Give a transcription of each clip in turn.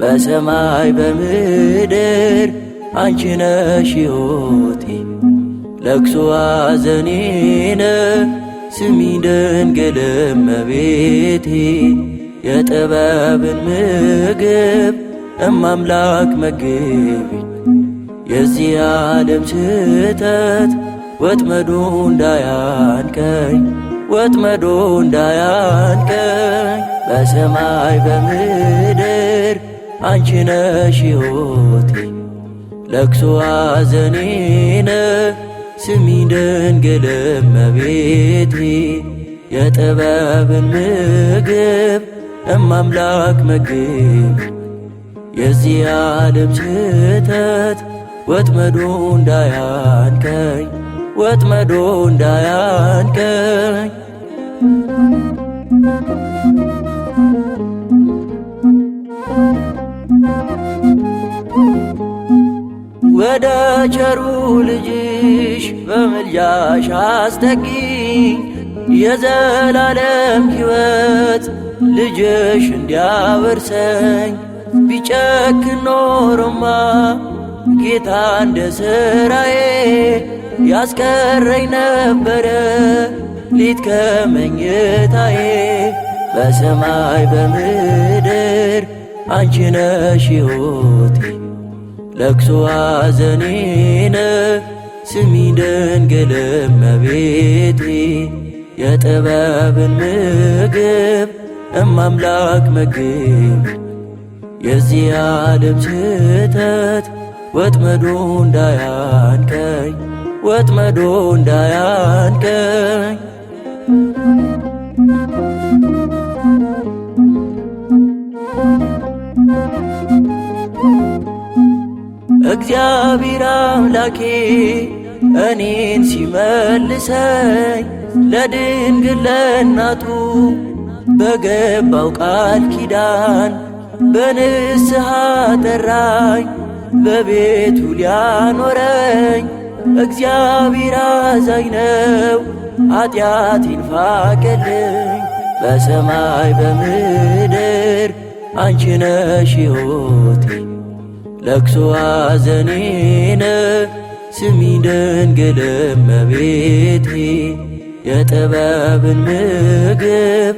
بسمای بمه دیر አንቺ ነሽ ሕይወቴ ለቅሶ አዘኔነ ስሚ ድንግል እመቤቴ የጥበብን ምግብ እማምላክ መግቢ የዚህ ዓለም ስህተት ወጥመዶ እንዳያንቀኝ ወጥመዶ እንዳያንቀኝ በሰማይ በምድር አንቺ ነሽ ሕይወቴ ለቅሶ አዘኔነ ስሚ ድንግል እመቤቴ የጥበብን ምግብ እማምላክ መግብ የዚህ ዓለም ስህተት ወጥመዶ እንዳያንከኝ ወጥመዶ እንዳያንከኝ ወደ ቸሩ ልጅሽ በምልጃሽ አስጠጊኝ የዘላለም ሕይወት ልጅሽ እንዲያወርሰኝ ቢጨክን ኖሮማ ጌታ እንደ ሥራዬ ያስቀረኝ ነበረ ሊት ከመኝታዬ በሰማይ በምድር አንቺ ነሽ ሕይወቴ ለቅሶ አዘኔነ ስሚ ድንግል እመቤቴ የጥበብን ምግብ እማምላክ መግብ የዚህ ዓለም ስህተት ወጥመዶ እንዳያንቀኝ ወጥመዶ እንዳያንቀኝ እግዚአብሔር አምላኬ እኔን ሲመልሰኝ ለድንግል ለእናቱ በገባው ቃል ኪዳን በንስሐ ጠራኝ በቤቱ ሊያኖረኝ እግዚአብሔር አዛኝ ነው ኃጢአቴን ፋቀልኝ በሰማይ በምድር አንቺ ነሽ ሕይወቴ ለቅሶ አዘኔን ስሚ ድንግል እመቤቴ የጥበብን ምግብ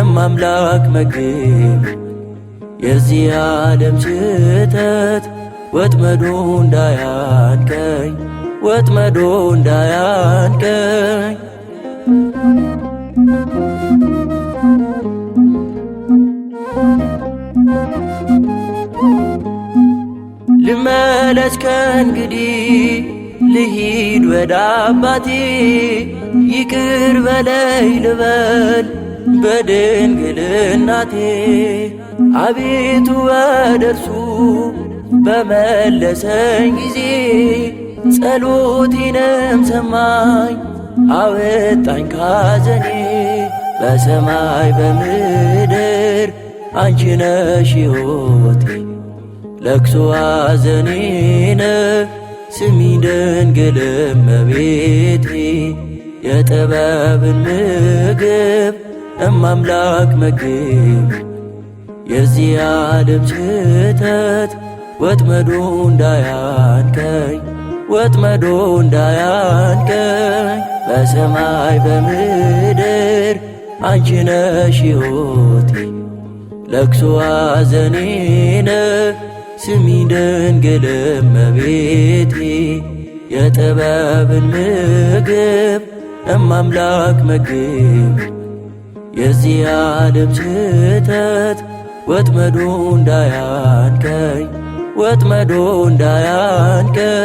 እማምላክ መግብ የዚህ ዓለም ስህተት ወጥመዶ እንዳያንቀኝ ወጥመዶ እንዳያንቀኝ ልመለስ ከእንግዲህ ልሂድ ወደ አባቴ ይቅር በለይ ልበል በድንግልናቴ አቤቱ ወደ እርሱ በመለሰኝ ጊዜ ጸሎቴንም ሰማኝ አወጣኝ ካዘኔ በሰማይ በምድር አንቺ ነሽ ሕይወቴ ለቅሶ አዘኔነ ስሚ ድንግል እመቤቴ የጥበብን ምግብ እማምላክ መግብ የዚህ ዓለም ስህተት ወጥመዶ እንዳያንከኝ ወጥመዶ እንዳያንከኝ በሰማይ በምድር አንቺ ነሽ ሕይወቴ ለቅሶ አዘኔነ ስሚ ድንግል እመቤቴ የጥበብን ምግብ እማምላክ መግብ የዚህ ዓለም ስህተት ወጥመዶ እንዳያንቀኝ ወጥመዶ እንዳያንቀኝ